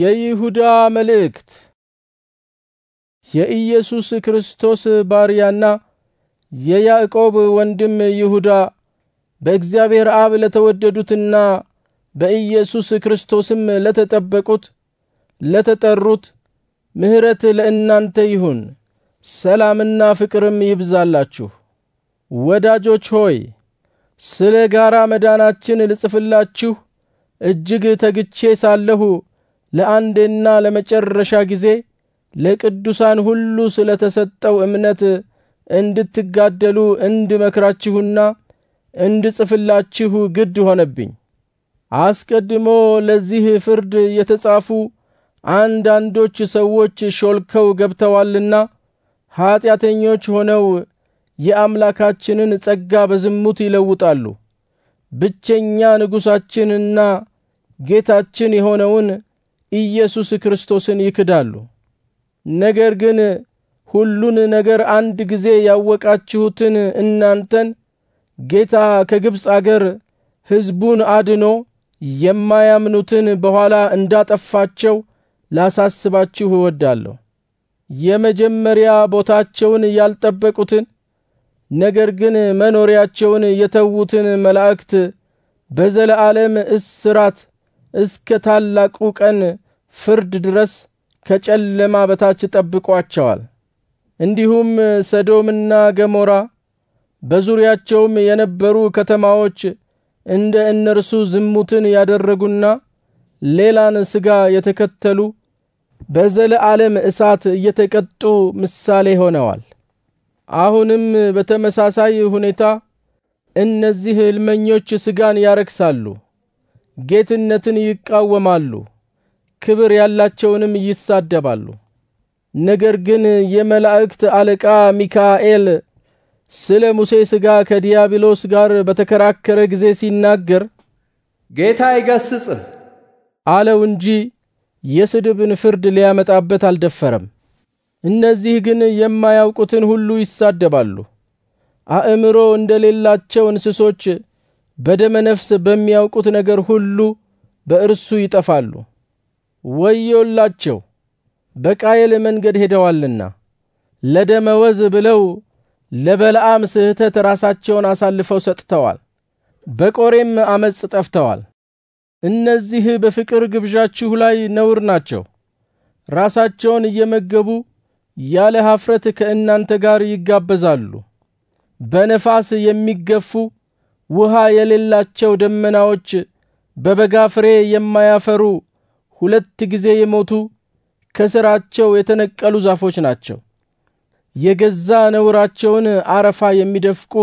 የይሁዳ መልእክት የኢየሱስ ክርስቶስ ባሪያና የያዕቆብ ወንድም ይሁዳ በእግዚአብሔር አብ ለተወደዱትና በኢየሱስ ክርስቶስም ለተጠበቁት ለተጠሩት ምሕረት ለእናንተ ይሁን፣ ሰላምና ፍቅርም ይብዛላችሁ። ወዳጆች ሆይ ስለ ጋራ መዳናችን ልጽፍላችሁ እጅግ ተግቼ ሳለሁ ለአንዴና ለመጨረሻ ጊዜ ለቅዱሳን ሁሉ ስለ ተሰጠው እምነት እንድትጋደሉ እንድመክራችሁና እንድጽፍላችሁ ግድ ሆነብኝ። አስቀድሞ ለዚህ ፍርድ የተጻፉ አንዳንዶች ሰዎች ሾልከው ገብተዋልና ኀጢአተኞች ሆነው የአምላካችንን ጸጋ በዝሙት ይለውጣሉ። ብቸኛ ንጉሣችንና ጌታችን የሆነውን ኢየሱስ ክርስቶስን ይክዳሉ። ነገር ግን ሁሉን ነገር አንድ ጊዜ ያወቃችሁትን እናንተን ጌታ ከግብፅ አገር ሕዝቡን አድኖ የማያምኑትን በኋላ እንዳጠፋቸው ላሳስባችሁ እወዳለሁ። የመጀመሪያ ቦታቸውን ያልጠበቁትን ነገር ግን መኖሪያቸውን የተዉትን መላእክት በዘለዓለም እስራት እስከ ታላቁ ቀን ፍርድ ድረስ ከጨለማ በታች ጠብቋቸዋል። እንዲሁም ሰዶምና ገሞራ በዙሪያቸውም የነበሩ ከተማዎች እንደ እነርሱ ዝሙትን ያደረጉና ሌላን ሥጋ የተከተሉ በዘለዓለም እሳት እየተቀጡ ምሳሌ ሆነዋል። አሁንም በተመሳሳይ ሁኔታ እነዚህ ሕልመኞች ሥጋን ያረክሳሉ። ጌትነትን ይቃወማሉ፣ ክብር ያላቸውንም ይሳደባሉ። ነገር ግን የመላእክት አለቃ ሚካኤል ስለ ሙሴ ሥጋ ከዲያብሎስ ጋር በተከራከረ ጊዜ ሲናገር ጌታ ይገስጽህ አለው እንጂ የስድብን ፍርድ ሊያመጣበት አልደፈረም። እነዚህ ግን የማያውቁትን ሁሉ ይሳደባሉ። አእምሮ እንደሌላቸው እንስሶች በደመ ነፍስ በሚያውቁት ነገር ሁሉ በእርሱ ይጠፋሉ። ወዮላቸው በቃየል መንገድ ሄደዋልና ለደመ ወዝ ብለው ለበለዓም ስህተት ራሳቸውን አሳልፈው ሰጥተዋል፣ በቆሬም አመፅ ጠፍተዋል። እነዚህ በፍቅር ግብዣችሁ ላይ ነውር ናቸው። ራሳቸውን እየመገቡ ያለ ሐፍረት ከእናንተ ጋር ይጋበዛሉ። በነፋስ የሚገፉ ውሃ የሌላቸው ደመናዎች፣ በበጋ ፍሬ የማያፈሩ ሁለት ጊዜ የሞቱ ከሥራቸው የተነቀሉ ዛፎች ናቸው። የገዛ ነውራቸውን አረፋ የሚደፍቁ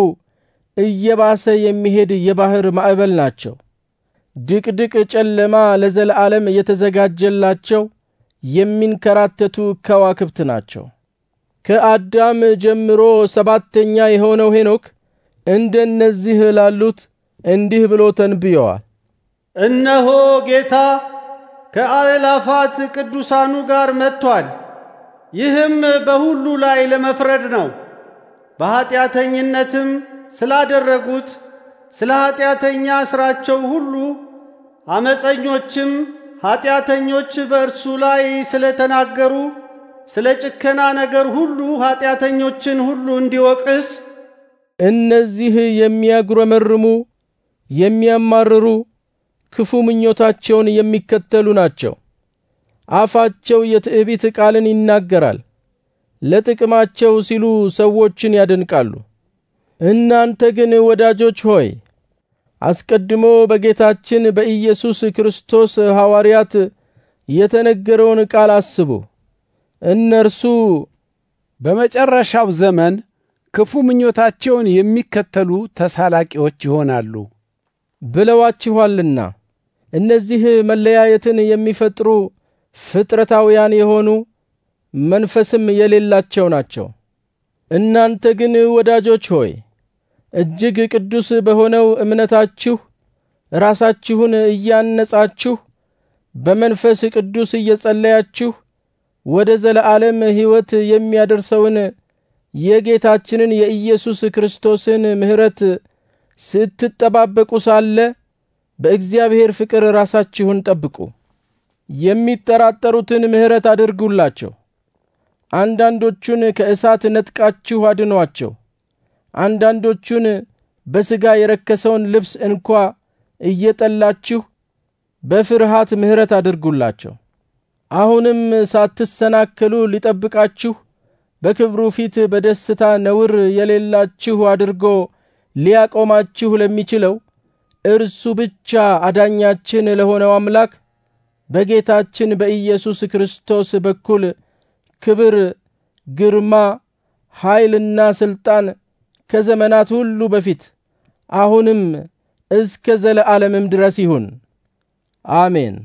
እየባሰ የሚሄድ የባህር ማዕበል ናቸው። ድቅድቅ ጨለማ ለዘለዓለም የተዘጋጀላቸው የሚንከራተቱ ከዋክብት ናቸው። ከአዳም ጀምሮ ሰባተኛ የሆነው ሄኖክ እንደነዚህ ላሉት እንዲህ ብሎ ተንብየዋል። እነሆ ጌታ ከአእላፋት ቅዱሳኑ ጋር መጥቷል። ይህም በሁሉ ላይ ለመፍረድ ነው። በኀጢአተኝነትም ስላደረጉት ስለ ኀጢአተኛ ስራቸው ሁሉ፣ አመፀኞችም ኀጢአተኞች በእርሱ ላይ ስለተናገሩ ስለ ጭከና ነገር ሁሉ ኀጢአተኞችን ሁሉ እንዲወቅስ እነዚህ የሚያጉረመርሙ የሚያማርሩ ክፉ ምኞታቸውን የሚከተሉ ናቸው። አፋቸው የትዕቢት ቃልን ይናገራል። ለጥቅማቸው ሲሉ ሰዎችን ያደንቃሉ። እናንተ ግን ወዳጆች ሆይ አስቀድሞ በጌታችን በኢየሱስ ክርስቶስ ሐዋርያት የተነገረውን ቃል አስቡ። እነርሱ በመጨረሻው ዘመን ክፉ ምኞታቸውን የሚከተሉ ተሳላቂዎች ይሆናሉ ብለዋችኋልና። እነዚህ መለያየትን የሚፈጥሩ ፍጥረታውያን የሆኑ መንፈስም የሌላቸው ናቸው። እናንተ ግን ወዳጆች ሆይ እጅግ ቅዱስ በሆነው እምነታችሁ ራሳችሁን እያነጻችሁ በመንፈስ ቅዱስ እየጸለያችሁ ወደ ዘለዓለም ሕይወት የሚያደርሰውን የጌታችንን የኢየሱስ ክርስቶስን ምሕረት ስትጠባበቁ ሳለ በእግዚአብሔር ፍቅር ራሳችሁን ጠብቁ። የሚጠራጠሩትን ምሕረት አድርጉላቸው። አንዳንዶቹን ከእሳት ነጥቃችሁ አድኗቸው። አንዳንዶቹን በሥጋ የረከሰውን ልብስ እንኳ እየጠላችሁ በፍርሃት ምሕረት አድርጉላቸው። አሁንም ሳትሰናከሉ ሊጠብቃችሁ በክብሩ ፊት በደስታ ነውር የሌላችሁ አድርጎ ሊያቆማችሁ ለሚችለው እርሱ ብቻ አዳኛችን ለሆነው አምላክ በጌታችን በኢየሱስ ክርስቶስ በኩል ክብር፣ ግርማ፣ ኃይልና ስልጣን ከዘመናት ሁሉ በፊት አሁንም እስከ ዘለዓለምም ድረስ ይሁን፣ አሜን።